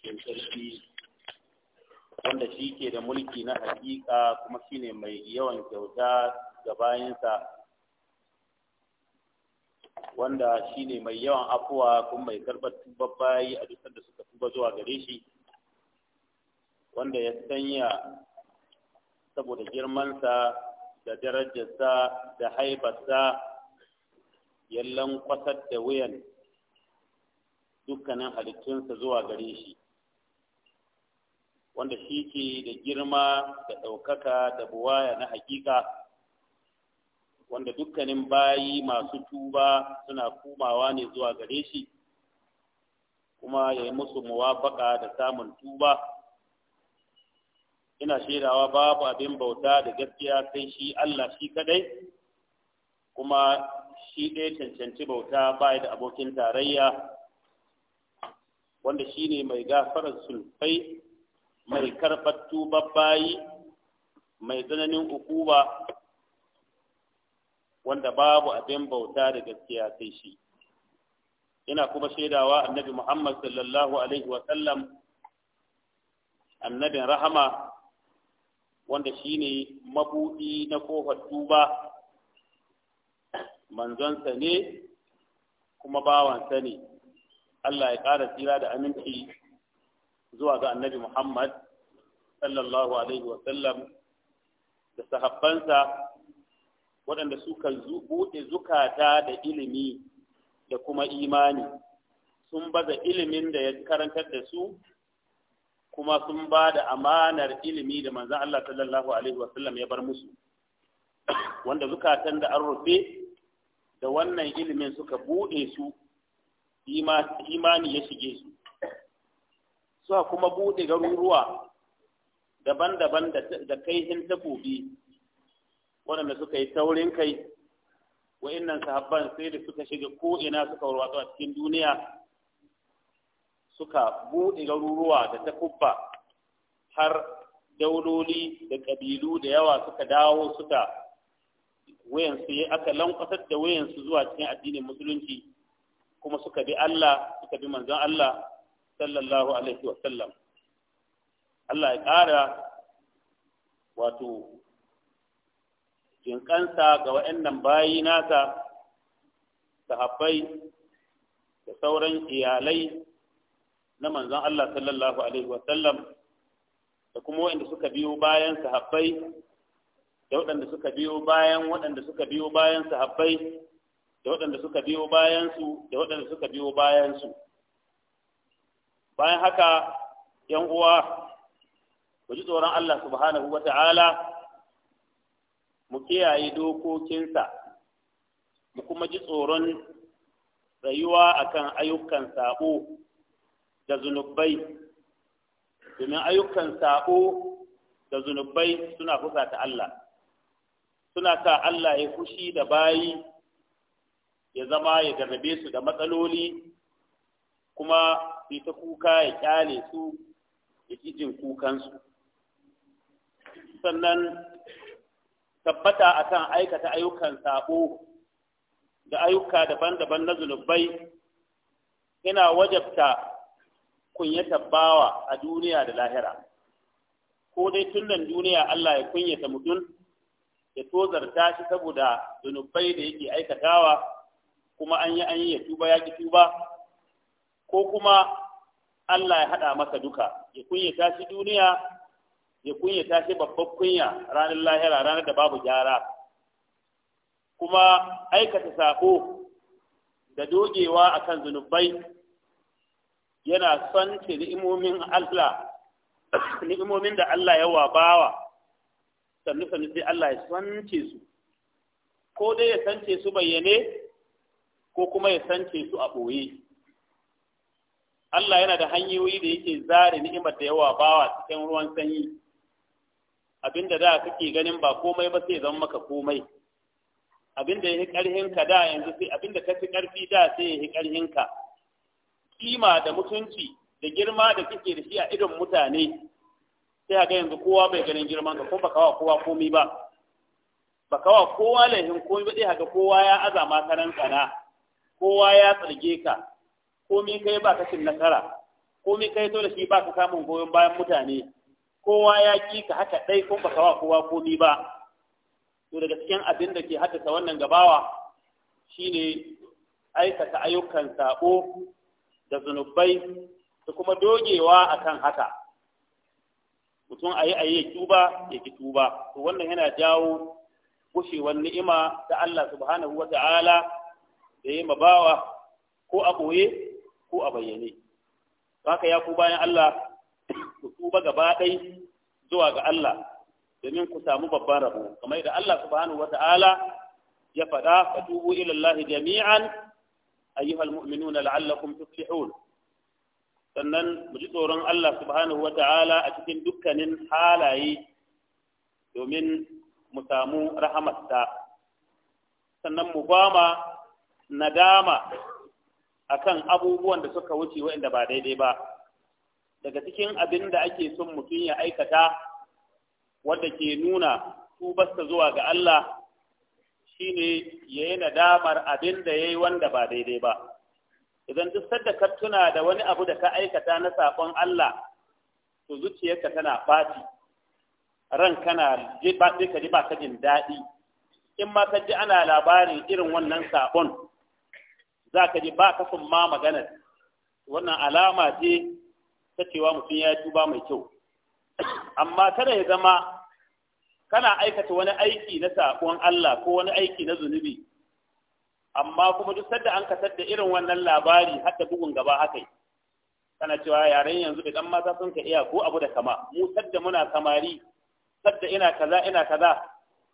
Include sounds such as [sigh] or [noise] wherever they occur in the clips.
madaukakin sarki wanda shi ke da mulki na hakika kuma shi ne mai yawan kyauta ga bayansa wanda shi ne mai yawan afuwa kuma mai karɓar tubar bayi a dukkan da suka tuba zuwa gare shi wanda ya sanya saboda girmansa da darajarsa da haifarsa yallon kwasar da wuyan dukkanin halittunsa zuwa gare shi wanda shi ke da girma da ɗaukaka da buwaya na hakika wanda dukkanin bayi masu tuba suna kumawa ne zuwa gare shi kuma ya yi musu muwafaka da samun tuba ina shaidawa babu abin bauta da gaskiya sai shi Allah shi kadai kuma shi ɗaya cancanci bauta ba da abokin tarayya wanda shi ne mai gafarar sulfai mai karɓar tubar bayi mai tsananin ukuba wanda babu abin bauta da gaskiya sai shi ina kuma shaidawa annabi Muhammad sallallahu alaihi wa sallam annabin rahama wanda shine mabudi na kofar tuba manzonsa ne kuma bawansa ne Allah ya ƙara tsira da aminci zuwa ga annabi Muhammad sallallahu alaihi wa sallam da sahabbansa waɗanda suka buɗe zukata da ilimi da kuma imani sun baza ilimin da ya karantar da su kuma sun ba da amanar ilimi da manzan Allah sallallahu alaihi wa sallam ya bar musu wanda zukatan da an rufe da wannan ilimin suka buɗe su imani ya shige su suka kuma buɗe garuruwa daban-daban da kaihin takobi waɗanda suka yi taurin kai wa'innan sahabban sai da suka shiga ko'ina suka warwatsu a cikin duniya suka buɗe garuruwa da takubba har dauloli da ƙabilu da yawa suka dawo suka wayansu ya aka lankwasar da wayansu zuwa cikin addinin musulunci kuma suka bi Allah suka bi manzon Allah sallallahu alaihi wa sallam Allah ya ƙara wato jinƙansa ga waɗannan bayi nasa sahabbai da sauran iyalai na manzon Allah sallallahu alaihi wa sallam da kuma waɗanda suka biyo bayan sahabbai da waɗanda suka biyo bayan waɗanda suka biyo bayan sahabbai da waɗanda suka biyo bayansu, da waɗanda suka biyo bayan bayan haka yan uwa ku ji tsoron Allah subhanahu wa ta'ala mu kiyaye dokokinsa mu kuma ji tsoron rayuwa akan ayyukan sabo da zunubai domin ayyukan sabo da zunubai suna kusa ta Allah suna sa Allah ya fushi da bayi ya zama ya garrabe su da matsaloli kuma sai ta kuka ya kyale su ya jin kukansu sannan tabbata a kan aikata ayyukan sabo da ayyuka daban-daban na zunubai yana wajabta kunyata bawa a duniya da lahira ko dai tun nan duniya Allah ya kunyata mutum ya tozarta shi saboda zunubai da yake aikatawa kuma an yi an yi ya tuba ya ki tuba ko kuma Allah ya haɗa masa duka ya kunyata shi duniya ya kunyata shi babbar kunya ranar lahira ranar da babu gyara kuma aikata saƙo da dogewa akan zunubai yana son ce ni'imomin Allah [coughs] ni'imomin da Allah ya wabawa sannu sannu sai Allah ya sance su ko dai ya sance su bayyane ko kuma ya sance su a ɓoye Allah yana da hanyoyi da yake zare ni'imar da yawa bawa cikin ruwan sanyi abinda da kake ganin ba komai ba sai zama maka komai abinda ya karhin ka da yanzu sai abinda ka karfi ƙarfi da sai ya karhin ka kima da mutunci da girma da kake da shi a idon mutane sai ga yanzu kowa bai ganin girman ka ko baka wa kowa komai ba baka wa kowa laifin komai ba sai ga kowa ya azama karan kana kowa ya tsarge ka komai kai ba ka cin nasara komai kai to da shi ba ka samun goyon bayan mutane kowa ya ki ka haka dai ko baka wa kowa komai ba to daga cikin abin da ke haddasa wannan gabawa shine aikata ayyukan sabo da zunubai da kuma dogewa akan haka mutum ayi ayi ya tuba ya ki tuba to wannan yana jawo gushewar ni'ima ta Allah subhanahu wa ta'ala da ya mabawa ko a ɓoye ko a bayyane haka ya ku bayan Allah ku tuba gaba ɗai zuwa ga Allah domin ku samu babban rabo kamar yadda Allah subhanahu wata'ala ya faɗa fatubu ila Allah jami'an ayyuhal mu'minuna la'allakum tuflihun sannan mu ji tsoron Allah subhanahu wata'ala a cikin dukkanin halaye domin mu samu rahamarsa sannan mu gwama nadama akan abubuwan da suka wuce waɗanda ba daidai ba daga cikin abin da ake son mutum ya aikata wanda ke nuna tubasta zuwa ga Allah shine ya yi nadamar abin da ya yi wanda ba daidai ba idan duk sadda ka tuna da wani abu da ka aikata na saƙon Allah to zuciyarka tana fati ran kana ji ba ka ji ba ka jin daɗi in ma ka ji ana labarin irin wannan saƙon za ka ji ba kafin ma magana. wannan alama ce ta cewa mutum ya tuba mai kyau amma kada ya zama kana aikata wani aiki na saƙon Allah ko wani aiki na zunubi amma kuma duk sadda an kasar da irin wannan labari har bugun gaba haka yi, kana cewa yaren yanzu da dan mata sun ka iya ko abu da kama mu sadda muna samari sadda ina kaza ina kaza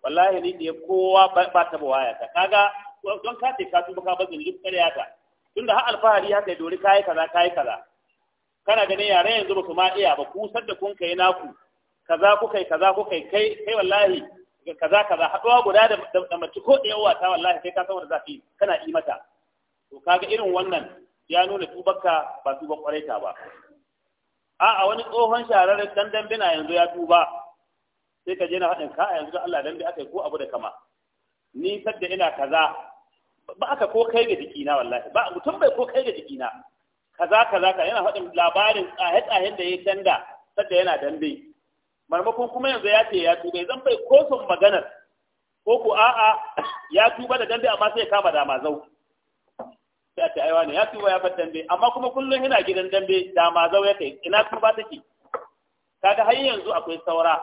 wallahi ni da kowa ba ta waya ta kaga don ka ce ka tuba ka bazin duk ƙarya ta tunda har alfahari haka ya dori kayi kaza kayi kaza kana ganin yaren yanzu ba su ma iya ba ku da kun kai naku kaza ku kai kaza ku kai kai kai wallahi kaza kaza haɗuwa guda da mace ko da yawa ta wallahi kai ka san wanda zafi kana yi mata to kaga irin wannan ya nuna tubarka ba tubar ta ba a'a wani tsohon shahararren dan dambe na yanzu ya tuba sai ka je na haɗin ka a yanzu da Allah dambe aka yi ko abu da kama ni sadda ina kaza ba aka ko kai ga jikina wallahi ba mutum bai ko kai ga jikina kaza kaza ka yana faɗin labarin tsahe tsahen da ya canda sadda yana dambe marmakon kuma yanzu ya ce ya tuba zan bai ko son maganar ko ku a'a ya tuba da dambe amma sai ya kama dama zau sai a ce aiwa ne ya tuba ya bar dambe amma kuma kullum yana gidan dambe dama zau ya kai ina tuba take kaga har yanzu akwai saura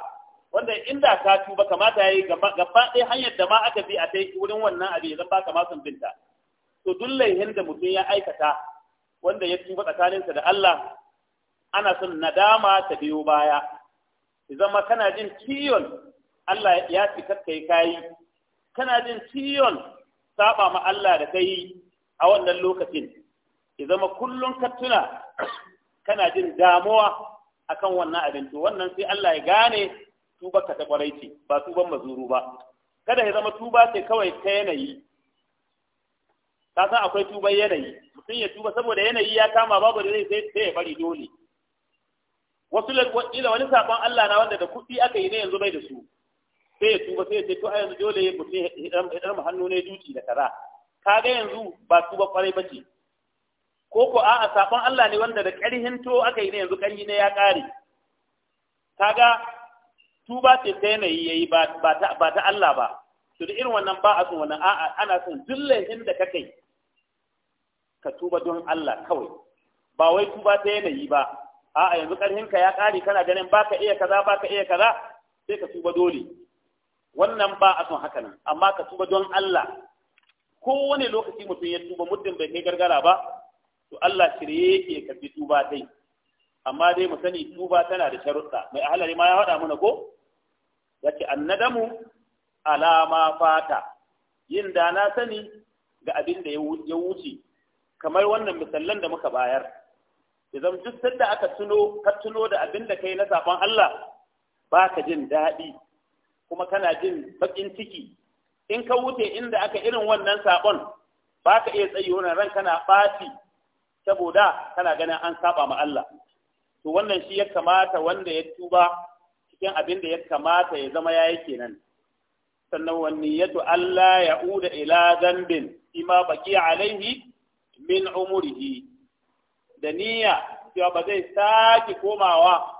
wanda inda ka tuba kamata yayi gaba ɗaya hanyar da ma aka bi a kai wurin wannan abin zan baka sun binta to duk laihin da mutum ya aikata wanda ya tuba tsakaninsa da Allah ana son nadama ta biyo baya zama kana jin ciyon Allah ya fi kai kayi kana jin ciyon saba ma Allah da kai a wannan lokacin ya zama kullun ka tuna kana jin damuwa akan wannan abin to wannan sai Allah ya gane tuba ka ta kwarai ce ba tuban mazuru ba kada ya zama tuba ce kawai ta yanayi ka san akwai tuban yanayi mutum ya tuba saboda yanayi ya kama babu da zai sai ya bari dole wasu ila wani sabon Allah na wanda da kuɗi aka yi ne yanzu bai da su sai ya tuba sai ya ce to a yanzu dole mutum ya ɗarma hannu ne duci da kaza ka ga yanzu ba tuba kwarai ba ce ko ko a'a sabon Allah ne wanda da ƙarhin to aka yi ne yanzu ƙarhi ne ya ƙare kaga tuba ce ta yanayi ya ba ba ta Allah ba su da irin wannan ba a son wannan a'a ana son dillahin da kai. ka tuba don Allah kawai ba wai tuba ta yanayi ba a'a yanzu ka ya ƙari kana ganin ba ka iya kaza ba ka iya kaza sai ka tuba dole wannan ba a son haka nan amma ka tuba don Allah kowane lokaci mutum ya tuba muddin bai kai gargara ba to Allah shirye yake ka bi tuba dai amma dai mu sani tuba tana da sharuɗa mai ahalari ma ya faɗa mana ko yace annadamu alama fata yin da na sani ga abin da ya wuce kamar wannan misallan da muka bayar idan duk sanda aka tuno ka tuno da abin da kai na sabon Allah ba ka jin daɗi kuma kana jin bakin ciki in ka wuce inda aka irin wannan sabon ba ka iya tsayi wannan ran kana ɓaci saboda kana ganin an saba ma Allah to wannan shi ya kamata wanda ya tuba cikin abin da ya kamata ya zama ya yi kenan sannan wani ya Allah ya uda ila zambin ima baki alaihi min umurihi da niyya cewa ba zai sake komawa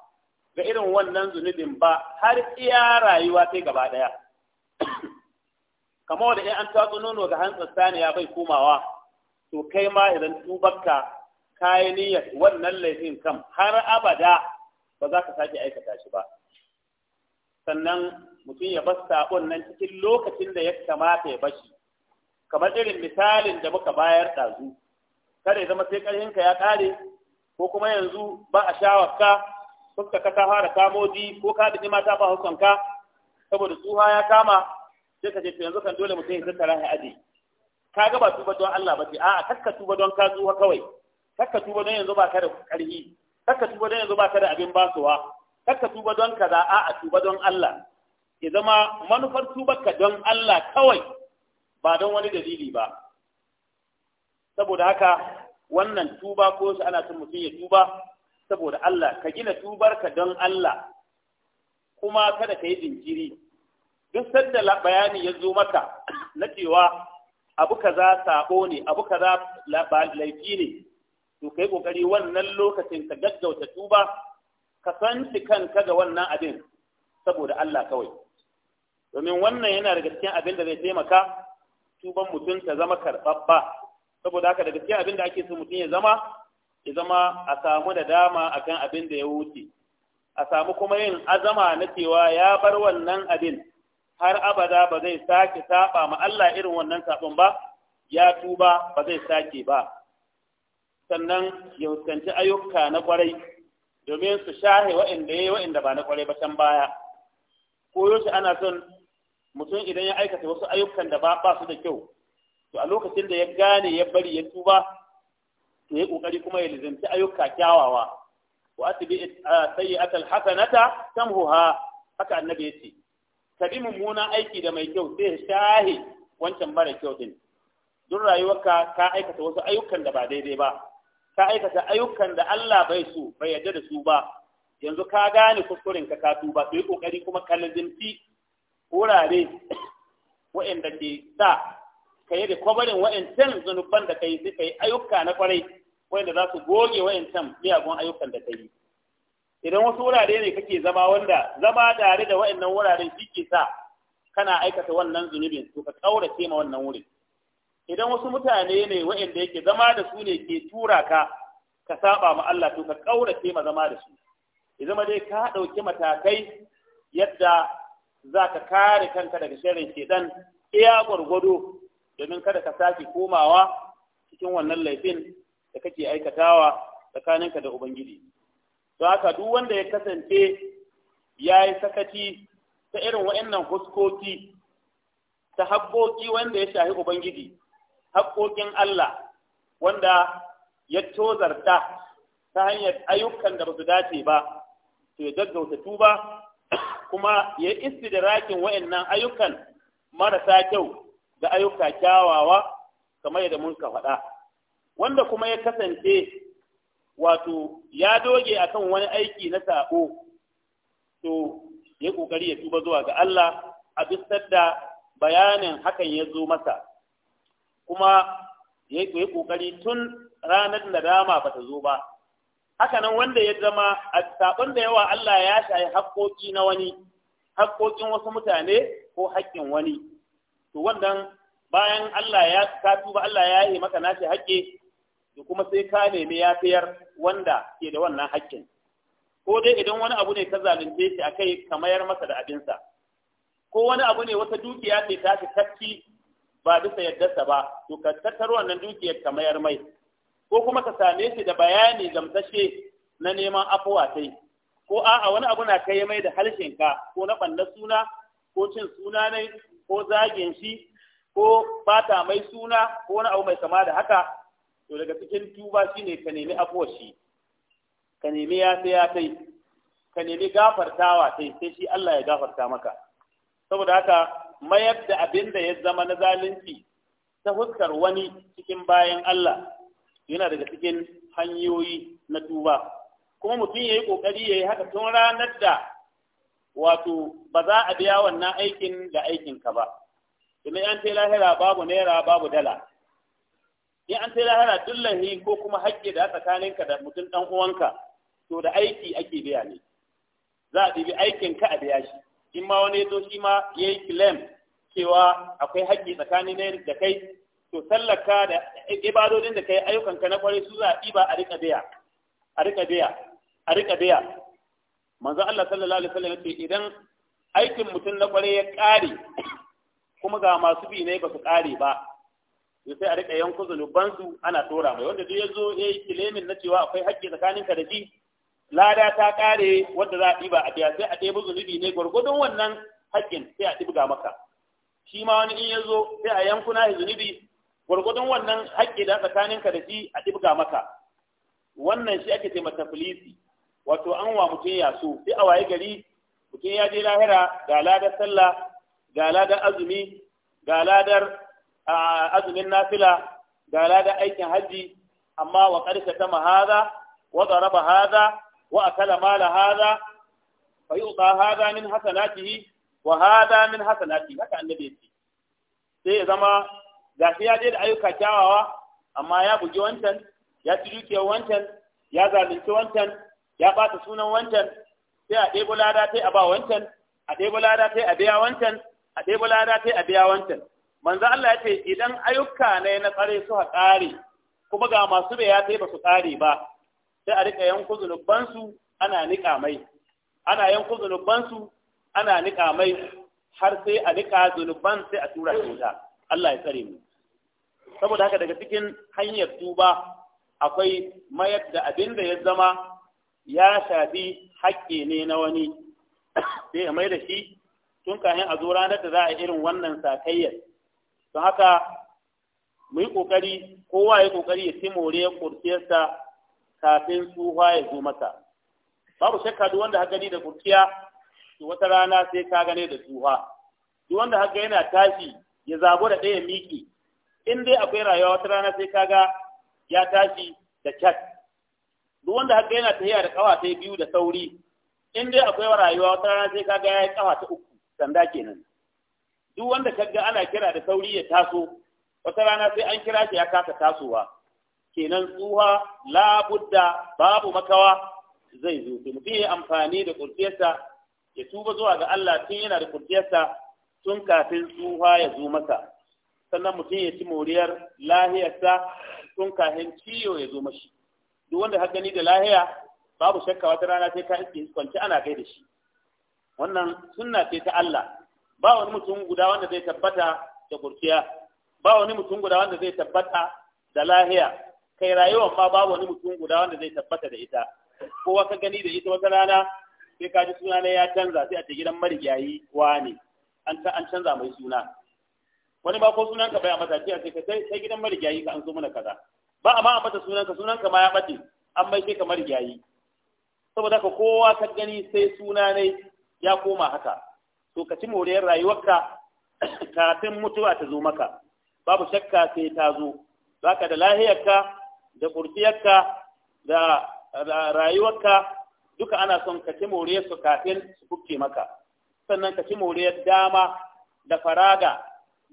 ga irin wannan zunubin ba har iya rayuwa sai gaba daya kamar da in an tatso nono ga hantsa saniya bai komawa to kai ma idan tubarka kayi niyyar wannan laifin kam har abada ba za ka sake aikata shi ba sannan mutum ya bar sabon nan cikin lokacin da ya kamata ya bashi kamar irin misalin da muka bayar ɗazu kada ya zama sai ƙarfinka ya ƙare ko kuma yanzu ba a shawarka fuska ka ta fara kamoji ko ka ma ta ba hukunka saboda tsuha ya kama sai ka ce to yanzu kan dole mutum ya tattara ya aje ka ga ba tuba don Allah ba ce a'a kakka tuba don ka tsuha kawai kakka tuba don yanzu ba ka da ƙarfi kakka tuba don yanzu ba ka da abin basuwa kakka tuba don kaza a a tuba don Allah ya zama manufar tubarka don Allah kawai ba don wani dalili ba saboda haka wannan tuba ko shi ana son mutum ya tuba saboda Allah ka gina tubarka don Allah kuma kada ka yi jinjiri duk sanda bayani ya zo maka na cewa abu kaza sabo ne abu kaza laifi ne to kai kokari wannan lokacin ka gaggauta tuba ka santi kanka ga wannan abin saboda Allah kawai domin wannan yana daga cikin abin da zai taimaka tuban mutum ta zama karɓaɓɓa saboda haka daga cikin abin da ake so mutum ya zama ya zama a samu da dama akan abin da ya wuce a samu kuma yin azama na cewa ya bar wannan abin har abada ba zai sake saba ma Allah irin wannan sabon ba ya tuba ba zai sake ba sannan ya fuskanci ayyuka na kwarai domin su shahe wa'inda ya yi ba na kwarai ba can baya ko ana son mutum idan ya aikata wasu ayyukan da ba su da kyau to a lokacin da ya gane ya bari ya tuba to ya kokari kuma ya lizanci ayyuka kyawawa wa atbi sayyi'atal alhasanata tamhuha haka annabi yace kabi mummunan aiki da mai kyau sai shahe wancan mara kyau din duk rayuwarka ka aikata wasu ayyukan da ba daidai ba ka aikata ayyukan da Allah bai so bai yarda da su ba yanzu ka gane kuskuren ka ka tuba sai kokari kuma ka lazimci wurare waɗanda ke sa ka yi da kwabarin waɗancan zunuban da kai sai ka yi ayyuka na kwarai waɗanda za su goge waɗancan miyagun ayyukan da ka yi idan wasu wurare ne kake zama wanda zama tare da waɗannan wuraren shi ke sa kana aikata wannan zunubin to ka kaurace ma wannan wurin idan wasu mutane ne wa'inda yake zama da su ne ke tura ka ka saba ma Allah to ka kaurace ma zama da su ya zama dai ka ɗauki matakai yadda za ka kare kanka daga sharrin ɗan, iya gwargwado domin kada ka sake komawa cikin wannan laifin da kake aikatawa tsakaninka da ubangiji don haka duk wanda ya kasance ya yi sakaci ta irin wa'annan huskoki ta habboki wanda ya shahi ubangiji haƙoƙin Allah wanda ya tozarta ta hanyar ayyukan da ba su dace ba to ya gaggauta tuba [coughs] kuma ya da istidrakin wa’yannan ayyukan marasa kyau da ayyuka kyawawa kamar yadda mun ka faɗa wanda kuma ya kasance wato ya doge akan wani aiki na sabo to ya ƙoƙari ya tuba zuwa ga Allah a bisar da bayanin hakan ya zo masa kuma ya yi kokari tun ranar nadama ba ta zo ba haka nan wanda ya zama a sabon da yawa Allah ya shayi haƙoƙi na wani haƙoƙin wasu mutane ko haƙƙin wani to wannan bayan Allah ya ka tuba Allah ya yi maka nashi haƙƙi to kuma sai ka nemi yafiyar wanda ke da wannan haƙƙin ko dai idan wani abu ne ta zalunce shi akai ka mayar masa da abinsa ko wani abu ne wata dukiya ce ta shi ba bisa sa ba to ka tattar wannan dukiyar ka mayar mai ko kuma ka same shi da bayani gamsashe na neman afuwa tai ko a'a wani abu na kai mai da harshen ka ko na banda suna ko cin suna ne ko zagin shi ko bata mai suna ko wani abu mai kama da haka to daga cikin tuba shine ka nemi afuwar shi ka nemi ya sai ya kai ka nemi gafartawa sai sai shi Allah ya gafarta maka saboda haka mayar da abin da ya zama na zalunci ta fuskar wani cikin bayan Allah yana daga cikin hanyoyi na tuba kuma mutum ya yi ƙoƙari ya yi haka tun ranar da wato ba za a biya wannan aikin da aikinka ba domin an tai lahira babu naira babu dala in an tai lahira dullahi ko kuma haƙƙi da tsakaninka da mutum ɗan uwanka to da aiki ake biya ne za a ɗibi aikinka a biya shi in ma wani ya zo shi ma ya yi claim cewa akwai haƙƙi tsakanin ne da kai to sallaka da ibadodin da kai ayyukanka na kwarai su za a ɗiba a riƙa biya a riƙa biya a riƙa biya manzo Allah sallallahu alaihi wasallam yace idan aikin mutum na kwarai ya ƙare kuma ga masu bi ne ba su ƙare ba to sai a riƙa yankun zunuban ana tora mai wanda duk ya zo ya yi kilemin na cewa akwai haƙƙi tsakaninka da shi lada ta kare wanda za a ɗiba a biya sai a ɗebi zunubi ne gwargwadon wannan haƙƙin sai a ɗibga maka shi ma wani in ya zo sai a yankuna ya zunubi gwargwadon wannan haƙƙi da tsakaninka da shi a ɗibga maka wannan shi ake taimaka filisi wato an wa mutum ya so sai a waye gari mutum ya je lahira ga ladar sallah ga ladar azumi ga ladar azumin nafila ga ladar aikin hajji amma wa ƙarshe ta mahaza wa zaraba hada. wa akala mala hada, fa yu'ta hada min hasanatihi wa hada min hasanati haka annabi yace sai ya zama gashi ya da ayyuka kyawawa amma ya bugi wancan ya ci wancan ya zalunci wancan ya bata sunan wancan sai a ɗebo lada sai a ba wancan a ɗebo lada sai a biya wancan a ɗebo lada sai a biya wancan manzo Allah ya ce idan ayyuka ne na tsare su ha ƙare kuma ga masu bai ya sai ba su ƙare ba sai a rika yanku zunubansu ana niƙa mai ana yanku zunubansu ana niƙa mai har sai a niƙa zunuban sai a tura shi wuta Allah ya tsare mu saboda haka daga cikin hanyar tuba akwai mayar da abin da ya zama ya shafi haƙƙi ne na wani sai ya mai da shi tun kafin a zo ranar da za a irin wannan sakayyar don haka mu yi ƙoƙari kowa ya ƙoƙari ya ci more ƙurciyarsa kafin tsufa ya zo masa babu shakka duk wanda haka ni da kurkiya to wata rana sai ka gane da tsufa duk wanda haka yana tashi ya zabo da ɗaya miki in dai akwai rayuwa wata rana sai kaga ya tashi da cat duk wanda haka yana tafiya da kawa sai biyu da sauri in dai akwai rayuwa wata rana sai kaga ya yi kawa ta uku sanda kenan duk wanda kaga ana kira da sauri ya taso wata rana sai an kira shi ya kasa tasowa kenan tsuha labudda babu makawa zai zo su mutum ya amfani da kurciyarsa ya tuba zuwa ga Allah tun yana da kurciyarsa tun kafin tsuha ya zo masa sannan mutum ya ci moriyar lahiyarsa tun kafin ciyo ya zo mashi duk wanda har gani da lahiya babu shakka wata rana sai ka iske kwanci ana kai da shi wannan sunna ce ta Allah ba wani mutum guda wanda zai tabbata da kurciya ba wani mutum guda wanda zai tabbata da lahiya kai rayuwar ma babu wani mutum guda wanda zai tabbata da ita kowa ka gani da ita wata rana sai ka ji suna ya canza sai a ce gidan marigayi ne an an canza mai suna wani ba ko sunan ka bai a mata a ce ka sai gidan marigayi ka an zo mana kaza ba amma a mata sunan ka sunan ka ma ya bace an mai kai ka marigayi saboda ka kowa ka gani sai suna ne ya koma haka to ka ci moriyar rayuwarka kafin mutuwa ta zo maka babu shakka sai ta zo zaka da lahiyarka da kurciyarka da rayuwarka duka ana son ka ci moriyar su kafin su kuke maka sannan ka ci moriyar dama da faraga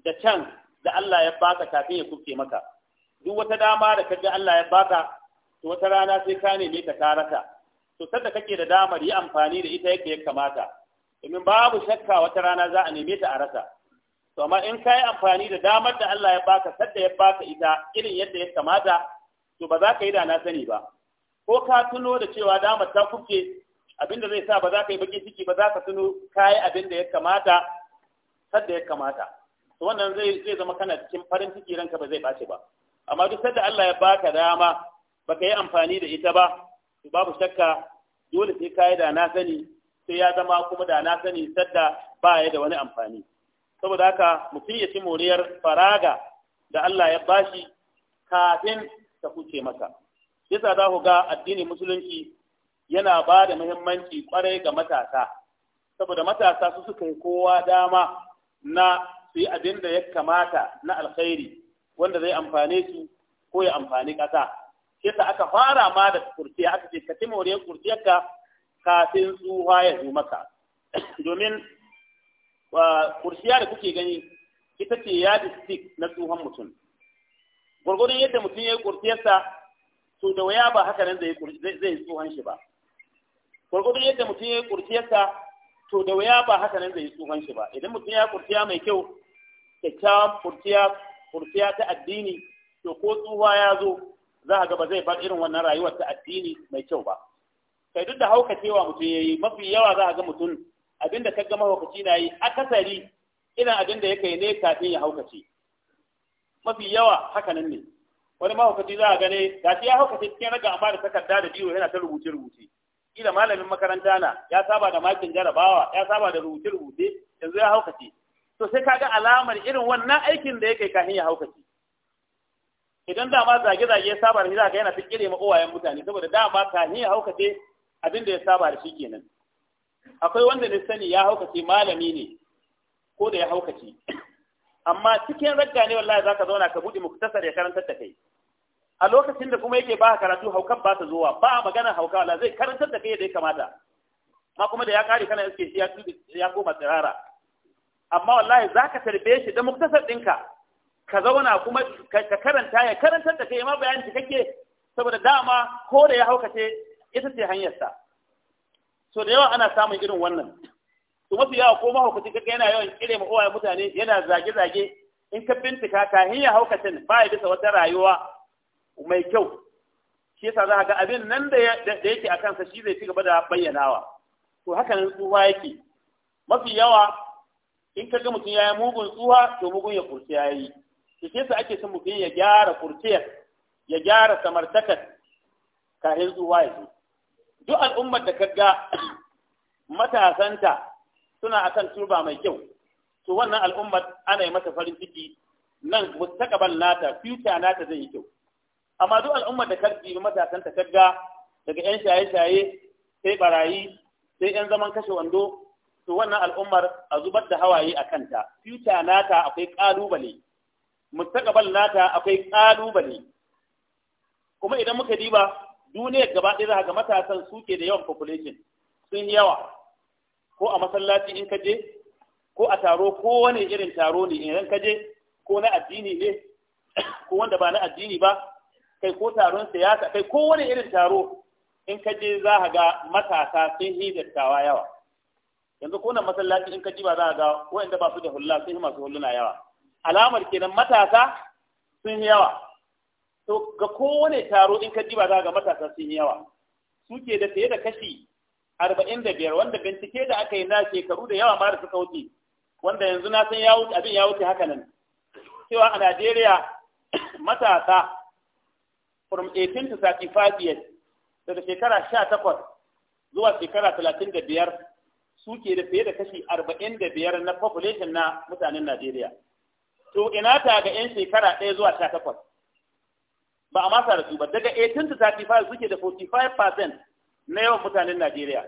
da can da Allah ya baka kafin ya kuke maka duk wata dama da kaga Allah ya baka to wata rana sai ka neme ka tarata to sanda kake da damar yi amfani da ita yake ya kamata domin babu shakka wata rana za a neme ta a rasa to amma in ka yi amfani da damar da Allah ya baka sadda ya baka ita irin yadda ya kamata to ba za ka yi da na sani ba ko ka tuno da cewa dama ta kuke abinda zai sa ba za ka yi baki ciki ba za ka tuno kayi abin da ya kamata sadda ya kamata to wannan zai zai zama kana cikin farin ciki ranka ba zai bace ba amma duk sadda Allah ya baka dama baka yi amfani da ita ba to babu shakka dole sai kayi da na sani sai ya zama kuma da na sani sadda ba ya da wani amfani saboda haka mutum ya ci moriyar faraga da Allah ya bashi kafin ta kuce masa yasa za ku ga addinin musulunci yana ba da muhimmanci kwarai ga matasa saboda matasa su suka yi kowa dama na su yi abin ya kamata na alkhairi wanda zai amfane su ko ya amfani ƙasa yasa aka fara ma da kurciya aka ce ka timore kurciyarka kafin tsuha ya zo maka [coughs] domin uh, kurciya da kuke gani ita ce yadi stick na tsohon mutum Gwargwadon yadda mutum ya yi ƙurciyarsa, to da waya ba haka nan zai tsohon shi ba yadda mutum ya yi to da waya ba haka nan zai tsohon shi ba idan mutum ya ƙurciya mai kyau kyakkyawan kurciya ƙurciya ta addini to ko tsuwa ya zo za a ga ba zai bar irin wannan rayuwar ta addini mai kyau ba kai duk da haukacewa mutum ya yi mafi yawa za a ga mutum abinda ka ga mahaukaci na yi akasari irin abinda ya kai ne kafin ya haukace mafi yawa haka nan ne wani mahaukaci za a gane ga shi ya haukace cikin raga amma da takarda da biyu yana ta rubuce rubuce kila malamin makaranta na ya saba da makin jarabawa ya saba da rubuce rubuce yanzu ya haukace to sai kaga alamar irin wannan aikin da ya kai kahin ya ce idan dama zage zage ya saba da shi zaka yana fikire ma uwayen mutane saboda dama kafin ya haukace abin da ya saba da shi kenan akwai wanda ne sani ya haukace malami ne ko da ya haukace amma cikin ragga ne wallahi zaka zauna ka bude muktasar ya karantar da kai a lokacin da kuma yake ba karatu haukan ba ta zuwa ba magana hauka wala zai karantar da kai da ya kamata ma kuma da ya kare kana iske shi ya tudu ya koma tsirara amma wallahi zaka tarbe shi da muktasar ɗinka ka zauna kuma ka karanta ya karantar da kai ma bayani cikakke saboda dama ko da ya haukace ita ce hanyarsa so da yawa ana samun irin wannan to mafi yawa ko mahaukaci kaka yana yawan kire ma uwaye mutane yana zage-zage in ka bintika ka ya haukacin ba ya bisa wata rayuwa mai kyau shi yasa za ga abin nan da yake a kansa shi zai ci gaba da bayyanawa to haka nan tsuwa yake mafi yawa in ka ga mutum ya yi mugun tsuwa to mugun ya kurce ya yi shi ke sa ake son mutum ya gyara kurciyar ya gyara samartakar kahin tsuwa ya zo duk al'ummar da ka ga [coughs] matasanta suna akan turba mai kyau to wannan al'ummar ana yi mata farin ciki nan mustaqbal nata future nata zai yi kyau amma duk al'ummar da karfi matasan ta tagga daga yan shaye-shaye sai barayi sai yan zaman kashe wando to wannan al'ummar a zubar da hawaye a kanta future nata akwai kalubale mustaqbal nata akwai kalubale kuma idan muka diba duniyar gaba ɗaya za ga matasan suke da yawan population sun yawa ko a masallaci in ka je ko a taro ko wani irin taro ne idan ka je ko na addini ne [coughs] ko wanda ba na addini ba kai ko taron siyasa kai ko wani irin taro in ka je za ka ga matasa sun yi dattawa yawa yanzu ko na masallaci in ka ji ba za ka ga wanda ba su da hulla sun yi masu hulluna yawa alamar kenan matasa sun yi yawa to ga kowane taro in ka ji ba za ga matasa sun yi yawa suke da sai da kashi arba'in da biyar wanda bincike da aka yi na shekaru da yawa mara suka wuce wanda yanzu na san ya wuce abin ya wuce haka nan cewa a Najeriya [coughs] matasa from 18 to 35 years daga shekara 18 zuwa shekara 35 suke da fiye da kashi 45 na population na mutanen Najeriya. To ina ta ga 'yan shekara 1 zuwa 18 ba a masa da su ba daga 18 to 35 suke da 45% na yawan mutanen Najeriya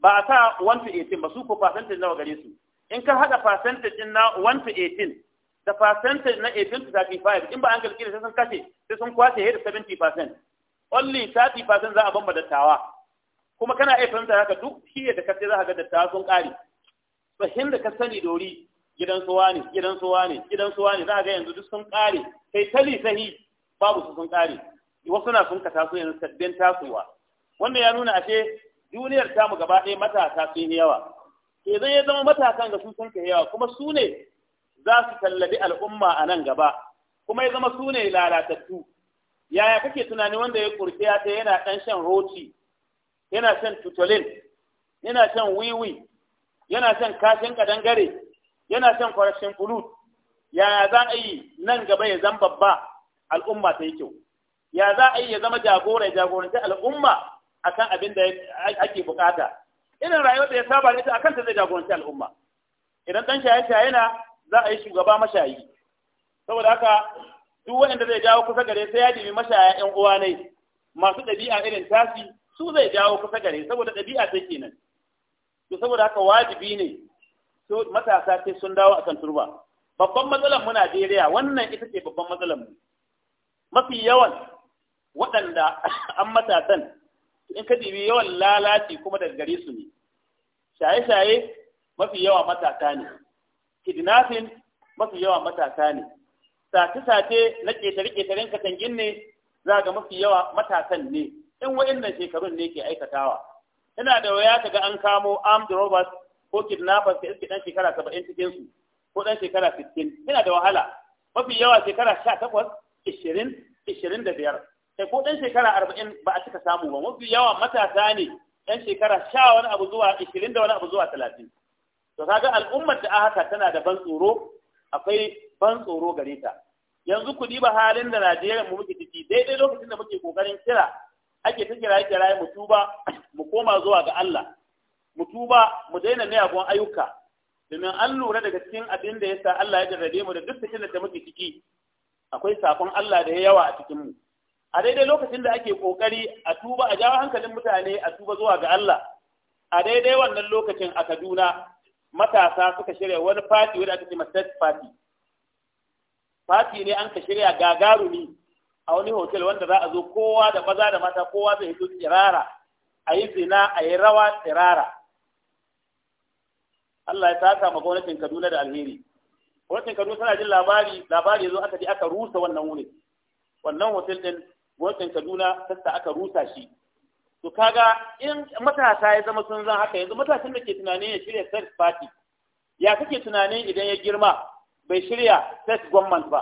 ba a sa 1 to 18 ba su ko percentage nawa gare su in ka hada percentage na 1 to 18 da percentage na 18 to 35 in ba an kalkira sai sun kashe sai sun kwace head 70% only 30% za a bamba dattawa kuma kana iya fahimta haka duk shiye da kace za a ga dattawa sun kare fahim da ka sani dori gidan suwa ne gidan suwa ne gidan suwa ne za a ga yanzu duk sun kare sai tali sahi babu su sun kare wasu na sun kata su yanzu sabbin tasowa wannan ya nuna ashe duniyar ta mu gaba ɗaya matasa sun yi yawa ke zai ya zama matasan ga su sun kai yawa kuma su ne za su tallabi al'umma a nan gaba kuma ya zama su ne lalatattu yaya kake tunani wanda ya ya ta yana ɗan shan roci yana shan tutolin yana shan wiwi yana shan kashin kadangare yana shan kwarashin bulut yaya za a yi nan gaba ya zama babba al'umma ta yi kyau ya za a yi ya zama jagora ya jagoranci al'umma akan abin da ake bukata irin rayuwar da ya saba da ita akan ta zai jagoranci al'umma idan dan shaye shaye na za a yi shugaba mashayi saboda haka duk wanda zai jawo kusa gare sai ya dimi mashaya yan uwa ne masu dabi'a irin tasi su zai jawo kusa gare saboda dabi'a ta kenan to saboda haka wajibi ne to matasa sai sun dawo akan turba babban matsalar mu Najeriya wannan ita ce babban matsalar mu mafi yawan waɗanda an matasan in ka dibi yawan lalaci kuma daga gare su ne shaye-shaye mafi yawa matasa ne kidnapping mafi yawa matasa ne sace-sace na ƙetare-ƙetaren katangin ne za ga mafi yawa matasan ne in wa'innan shekarun ne ke aikatawa ina da waya ta ga an kamo armed robbers ko kidnappers da iske dan shekara saba'in cikin su ko dan shekara sittin ina da wahala mafi yawa shekara sha takwas ishirin da biyar sai ko ɗan shekara arba'in ba a cika samu ba mafi yawa matasa ne ɗan shekara sha wani abu zuwa ishirin da wani abu zuwa talatin to kaga al'ummar da haka tana da ban tsoro akwai ban tsoro gare ta yanzu ku ba halin da Najeriya mu muke ciki daidai lokacin da muke kokarin kira ake ta kira kira mu tuba mu koma zuwa ga Allah mu tuba mu daina miyagun ayyuka domin an lura daga cikin abin da yasa Allah ya jarrabe mu da duk cikin da muke ciki akwai sakon Allah da ya yawa a cikin mu a daidai lokacin da ake kokari a tuba a jawo hankalin mutane a tuba zuwa ga Allah a daidai wannan lokacin a Kaduna matasa suka shirya wani fati wanda ake cewa fati fati ne an ka shirya gagarumi a wani hotel wanda za a zo kowa da maza da mata kowa zai zo tsirara a yi zina a yi rawa tsirara Allah ya saka ma gwamnatin Kaduna da alheri gwamnatin Kaduna tana jin labari labari yazo aka je aka rusa wannan wuri wannan hotel din wancan kaduna sassa aka rusa shi to kaga in matasa ya zama sun zan haka yanzu matasan da ke tunanin ya shirya third party ya kake tunanin idan ya girma bai shirya third government ba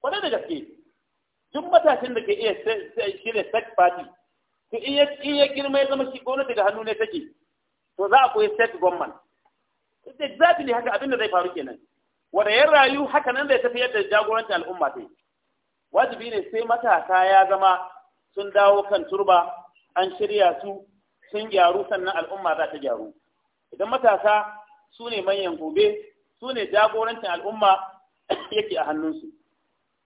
kwanan da gaske duk matasan da ke iya shirya third party to in ya girma ya zama shi gwamnati daga hannu ne take to za a koyi third government exactly haka abin da zai faru kenan wanda rayu haka nan zai tafi yadda jagorancin al'umma sai wajibi ne sai matasa ya zama sun dawo kan turba an shirya su sun gyaru sannan al'umma za ta gyaru idan matasa su ne manyan gobe su ne jagorancin al'umma [coughs] yake a hannunsu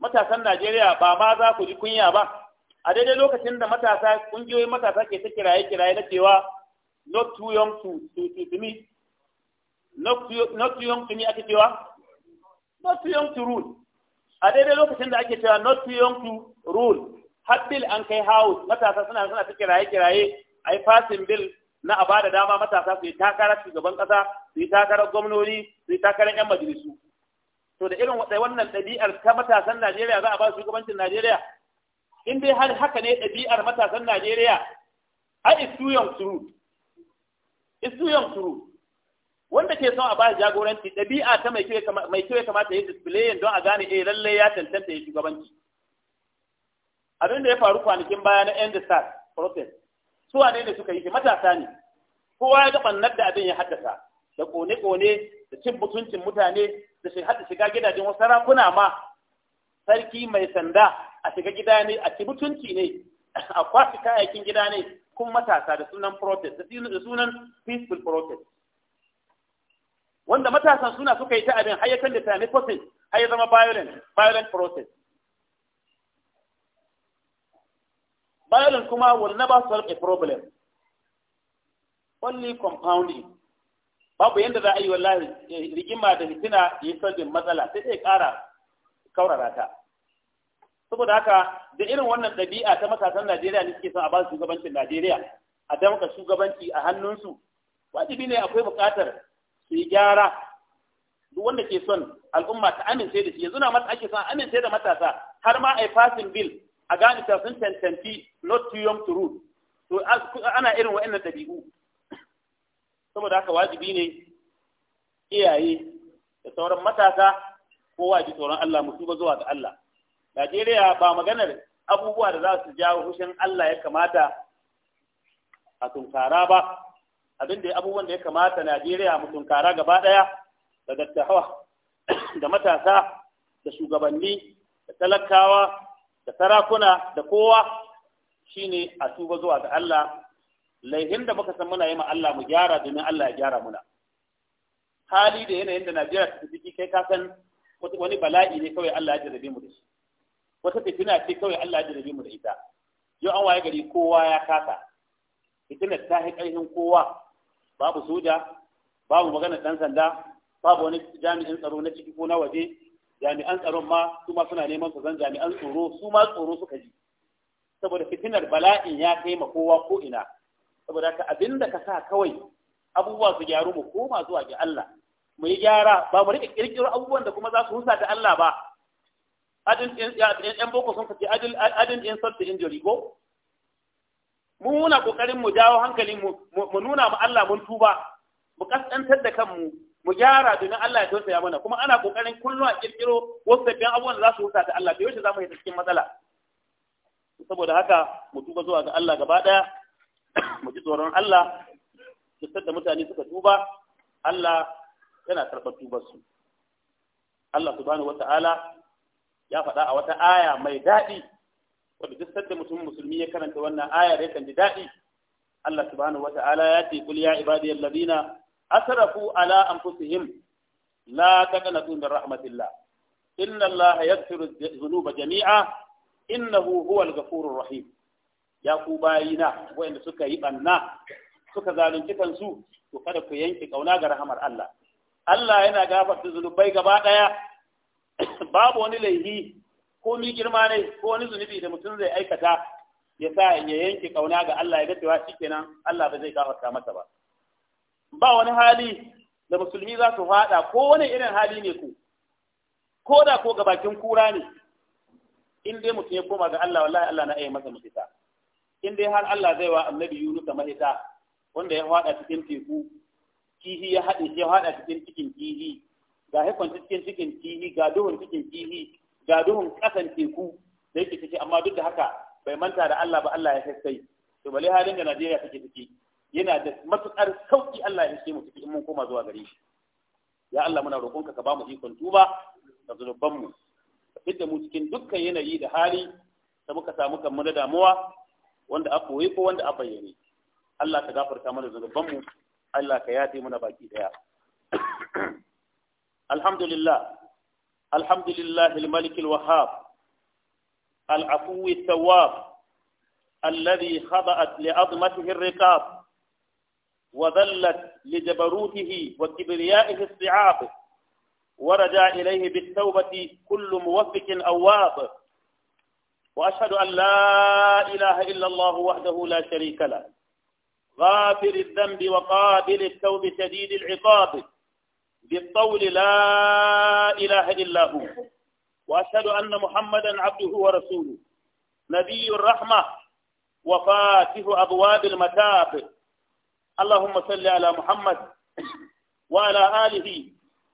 matasan najeriya ba ma za ku ji kunya ba a daidai lokacin da matasa kungiyoyin matasa ke ta kiraye kiraye na cewa not too young to to me not too young to me ake cewa not too young to rule a daidai lokacin da ake cewa not too young to rule har bil an kai house matasa suna suna ta kiraye kiraye a yi fasin bill na a bada dama matasa su yi takarar shugaban kasa su yi takarar gwamnoni su yi takarar yan majalisu to da irin wannan ɗabi'ar ta matasan najeriya za a ba su shugabancin najeriya in dai har haka ne ɗabi'ar matasan najeriya a is too young to rule is wanda ke son a ba jagoranci ɗabi'a ta mai kyau ya kamata ya display don a gane eh lalle ya tantanta ya shugabanci abin da ya faru kwanakin baya na end start process su wane ne suka yi shi matasa ne kowa ya ga nadda da abin ya haddasa da kone-kone da cin mutuncin mutane da shi hada shiga gidajen wasu sarakuna ma sarki mai sanda a shiga gida ne a ci mutunci ne a kwashi kayayyakin gida ne kuma matasa da sunan protest da sunan peaceful protest wanda matasan suna suka yi ta abin har da kallata process har ya zama violent violent process violent kuma will never solve a problem only compounding babu yadda za a yi wallahi eh, rigima da fitina ya solving matsala sai dai ƙara kaurara ta saboda haka da irin wannan ɗabi'a ta matasan Najeriya ne suke son a ba su shugabancin Najeriya a damka shugabanci a hannunsu wajibi ne akwai buƙatar su yi gyara duk wanda ke son al'umma ta amince da shi yanzu na mata ake son amince da matasa har ma a yi passing bill a gane ta sun tantanti not too young to rule to ana irin wa'annan ɗabi'u saboda haka wajibi ne iyaye da sauran matasa ko waji sauran Allah mu tuba zuwa ga Allah Najeriya ba maganar abubuwa da za su jawo hushin Allah ya kamata a tunkara ba abin da abubuwan da ya kamata Najeriya mu tunkara gaba daya da dattawa [coughs] da matasa da shugabanni da talakawa da sarakuna da kowa shine a tuba zuwa ga Allah laihin da muka san muna yi ma Allah mu gyara domin Allah ya gyara muna hali da yanayin da Najeriya ta ciki kai ka san wani bala'i ne kawai Allah ya jarrabe mu da shi wata fitina ce kawai Allah ya jarrabe mu da ita yau an waye gari kowa ya kasa fitinar ta yi ƙarfin kowa babu soja babu magana ɗan sanda babu wani jami'in tsaro na ciki ko na waje jami'an tsaron ma su ma suna neman su zan jami'an tsoro su ma tsoro suka ji saboda fitinar bala'in ya kai ma kowa ko ina saboda ka abinda ka sa kawai abubuwa su gyaru mu koma zuwa ga Allah mu yi gyara ba mu rika kirkiro abubuwan da kuma za su husa da Allah ba adin yan boko sun fice adin adin insult injury ko mu muna kokarin mu jawo hankali mu nuna mu Allah mun tuba mu kaskantar da kanmu mu gyara domin Allah ya tausaya mana kuma ana kokarin kullum a kirkiro wasu sabbin abubuwan da za su huta ta Allah da za mu yi cikin matsala saboda haka mu tuba zuwa ga Allah gaba daya [coughs] mu ji tsoron Allah duk da mutane suka tuba Allah yana karɓar tubar su Allah subhanahu wata'ala ya faɗa a wata aya mai daɗi wanda duk sadda mutum musulmi ya karanta wannan aya da kan ji daɗi Allah subhanahu wata'ala ya ce kul ya ibadi alladhina asrafu ala anfusihim la taqnatu min rahmatillah inna Allah yaghfiru dhunuba jami'a innahu huwal ghafurur rahim ya ku bayina wanda suka yi banna suka zalunci kansu to kada ku yanke kauna ga rahamar Allah Allah yana gafarta zunubai gaba daya [coughs] babu wani laifi Komi girma ne ko wani zunubi da mutum zai aikata ya sa ya yanke kauna ga Allah ya ga cewa shikenan Allah ba zai gafarta masa ba ba wani hali da musulmi za su fada ko wani irin hali ne ku ko da ko gabakin kura ne in dai mutum ya koma ga Allah wallahi Allah na iya masa mafita in dai har Allah zai wa annabi Yunus mahita wanda ya fada cikin teku kihi ya haɗe ya fada cikin cikin kihi ga hekwanci cikin cikin kihi ga duhun cikin kihi ga duhun kasan teku da yake ciki amma duk da haka bai manta da Allah ba Allah ya sai, to bale halin da Najeriya take ciki yana da matukar sauki Allah ya mu ciki in mun koma zuwa gare shi ya Allah muna roƙonka ka ba mu ikon tuba da zunuban mu ka fitta mu cikin dukkan yanayi da hali da muka samu kan da damuwa wanda a koyi ko wanda a bayyane Allah ka gafarta mana zunuban mu Allah ka yafe muna baki daya [coughs] alhamdulillah الحمد لله الملك الوهاب العفو الثواب الذي خضعت لعظمته الرقاب وذلت لجبروته وكبريائه الصعاب ورجع إليه بالتوبة كل موفق أواب وأشهد أن لا إله إلا الله وحده لا شريك له غافر الذنب وقابل التوب شديد العقاب بالقول لا إله إلا هو وأشهد أن محمدا عبده ورسوله نبي الرحمة وفاتح أبواب المتاب اللهم صل على محمد وعلى آله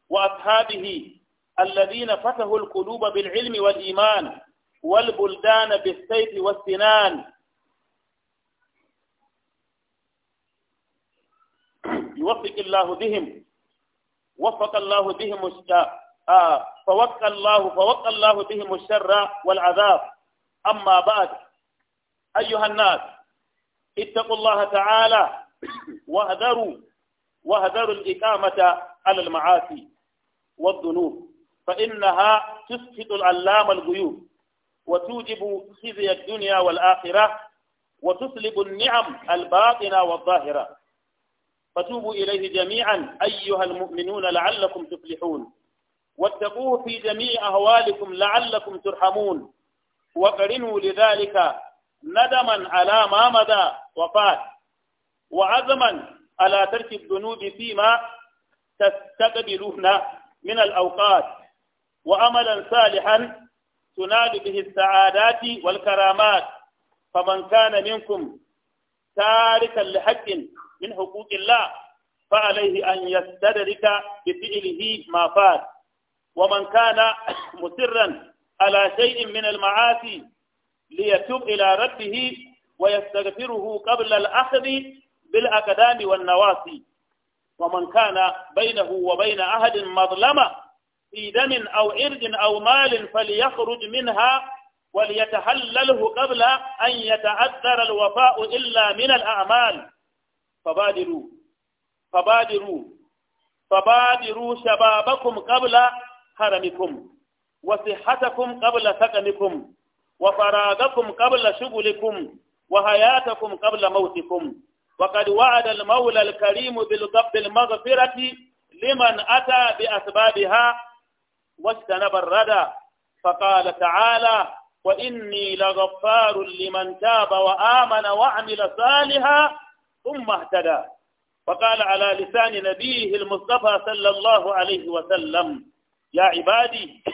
وأصحابه الذين فتحوا القلوب بالعلم والإيمان والبلدان بالسيف والسنان يوفق الله بهم وفق الله بهم آه فوق الله فوق الله بهم الشر والعذاب أما بعد أيها الناس اتقوا الله تعالى واهذروا واهذروا الإقامة على المعاصي والذنوب فإنها تسقط العلام الغيوب وتوجب خزي الدنيا والآخرة وتسلب النعم الباطنة والظاهرة فتوبوا إليه جميعا أيها المؤمنون لعلكم تفلحون واتقوه في جميع أهوالكم لعلكم ترحمون وقرنوا لذلك ندما على ما مدى وفات وعزما على ترك الذنوب فيما تستقبلون من الأوقات وأملا صالحا تنال به السعادات والكرامات فمن كان منكم تاركا لحق من حقوق الله فعليه أن يستدرك بفعله ما فات ومن كان [coughs] مسرا على شيء من المعاصي ليتوب إلى ربه ويستغفره قبل الأخذ بالأقدام والنواصي ومن كان بينه وبين أحد مظلمة في دم أو إرج أو مال فليخرج منها وليتحلله قبل أن يتعذر الوفاء إلا من الأعمال فبادروا فبادروا فبادروا شبابكم قبل حرمكم وصحتكم قبل سقمكم وفراغكم قبل شغلكم وحياتكم قبل موتكم وقد وعد المولى الكريم بالمغفرة لمن أتى بأسبابها واجتنب الردى فقال تعالى وإني لغفار لمن تاب وآمن وعمل صالحا ثم اهتدى فقال على لسان نبيه المصطفى صلى الله عليه وسلم يا عبادي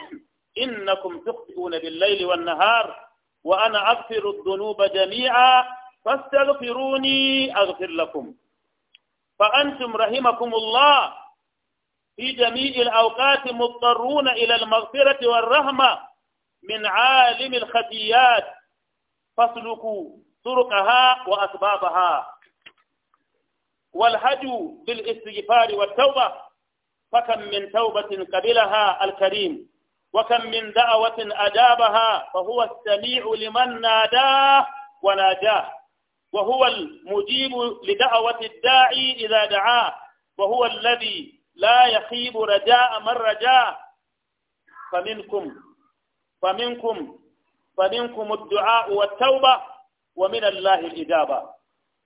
إنكم تخطئون بالليل والنهار وأنا أغفر الذنوب جميعا فاستغفروني أغفر لكم فأنتم رحمكم الله في جميع الأوقات مضطرون إلى المغفرة والرحمة من عالم الخطيات فاسلكوا طرقها وأسبابها والهجو بالاستغفار والتوبة فكم من توبة قبلها الكريم وكم من دعوة أجابها فهو السميع لمن ناداه وناجاه وهو المجيب لدعوة الداعي إذا دعاه وهو الذي لا يخيب رجاء من رجاه فمنكم فمنكم فمنكم الدعاء والتوبة ومن الله الإجابة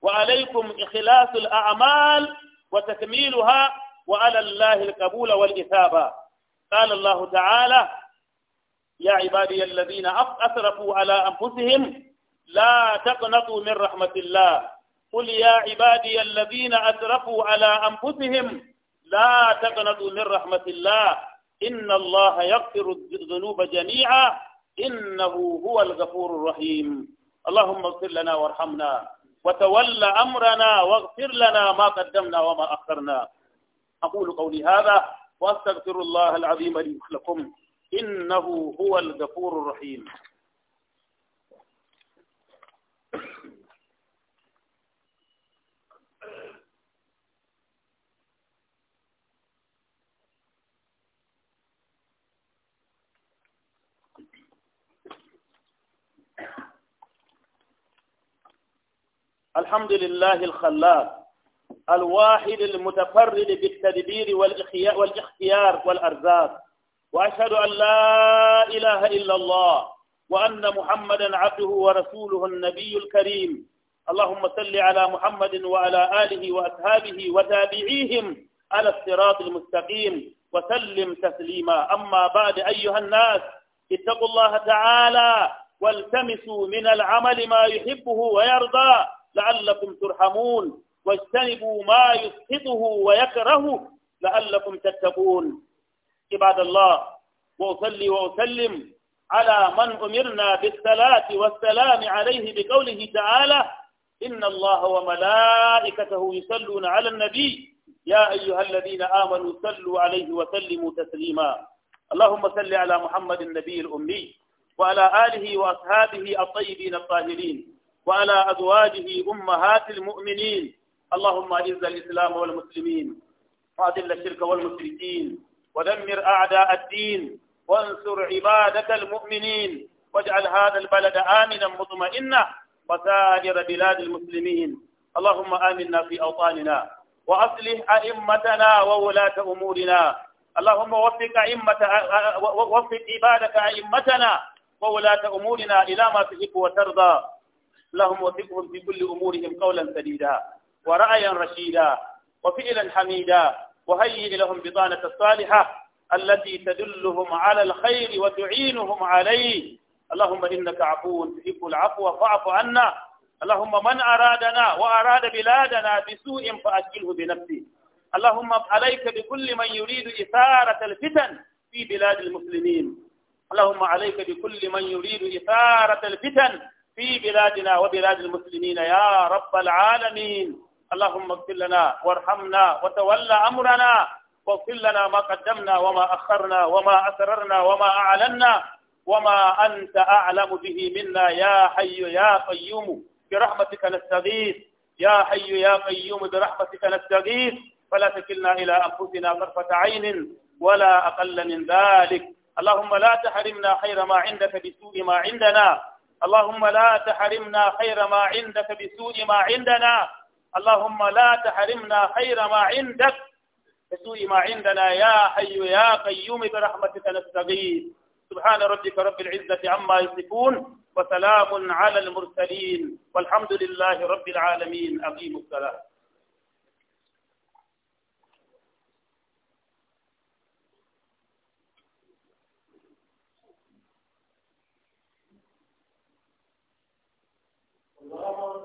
وعليكم إخلاص الأعمال وتكميلها وعلى الله القبول والإثابة قال الله تعالى يا عبادي الذين أسرفوا على أنفسهم لا تقنطوا من رحمة الله قل يا عبادي الذين أسرفوا على أنفسهم لا تقنطوا من رحمة الله إن الله يغفر الذنوب جميعا إنه هو الغفور الرحيم اللهم اغفر لنا وارحمنا وتول أمرنا واغفر لنا ما قدمنا وما أخرنا أقول قولي هذا وأستغفر الله العظيم لي ولكم إنه هو الغفور الرحيم الحمد لله الخلاق الواحد المتفرد بالتدبير والاختيار والأرزاق وأشهد أن لا إله إلا الله وأن محمدا عبده ورسوله النبي الكريم اللهم صل على محمد وعلى آله وأصحابه وتابعيهم على الصراط المستقيم وسلم تسليما أما بعد أيها الناس اتقوا الله تعالى والتمسوا من العمل ما يحبه ويرضى لعلكم ترحمون واجتنبوا ما يسخطه ويكرهه لعلكم تتقون عباد الله وأصلي وأسلم على من أمرنا بالصلاة والسلام عليه بقوله تعالى إن الله وملائكته يصلون على النبي يا أيها الذين آمنوا صلوا عليه وسلموا تسليما اللهم صل على محمد النبي الأمي وعلى آله وأصحابه الطيبين الطاهرين وعلى أزواجه أمهات المؤمنين اللهم أعز الإسلام والمسلمين وأذل الشرك والمشركين ودمر أعداء الدين وانصر عبادك المؤمنين واجعل هذا البلد آمنا مطمئنا وسائر بلاد المسلمين اللهم آمنا في أوطاننا وأصلح أئمتنا وولاة أمورنا اللهم وفق أئمة وفق عبادك أئمتنا وولاة أمورنا إلى ما تحب وترضى اللهم وفقهم في كل أمورهم قولا سديدا ورأيا رشيدا وفعلا حميدا وهيئ لهم بطانة الصالحة التي تدلهم على الخير وتعينهم عليه اللهم إنك عفو تحب العفو فاعف عنا اللهم من أرادنا وأراد بلادنا بسوء فأجله بنفسه اللهم عليك بكل من يريد إثارة الفتن في بلاد المسلمين اللهم عليك بكل من يريد إثارة الفتن في بلادنا وبلاد المسلمين يا رب العالمين اللهم اغفر لنا وارحمنا وتولى أمرنا واغفر لنا ما قدمنا وما أخرنا وما أسررنا وما أعلنا وما أنت أعلم به منا يا حي يا قيوم برحمتك نستغيث يا حي يا قيوم برحمتك نستغيث فلا تكلنا إلى أنفسنا طرفة عين ولا أقل من ذلك اللهم لا تحرمنا خير ما عندك بسوء ما عندنا اللهم لا تحرمنا خير ما عندك بسوء ما عندنا اللهم لا تحرمنا خير ما عندك بسوء ما عندنا يا حي يا قيوم برحمتك نستغيث سبحان ربك رب العزة عما يصفون وسلام على المرسلين والحمد لله رب العالمين أقيم الصلاة ọmọ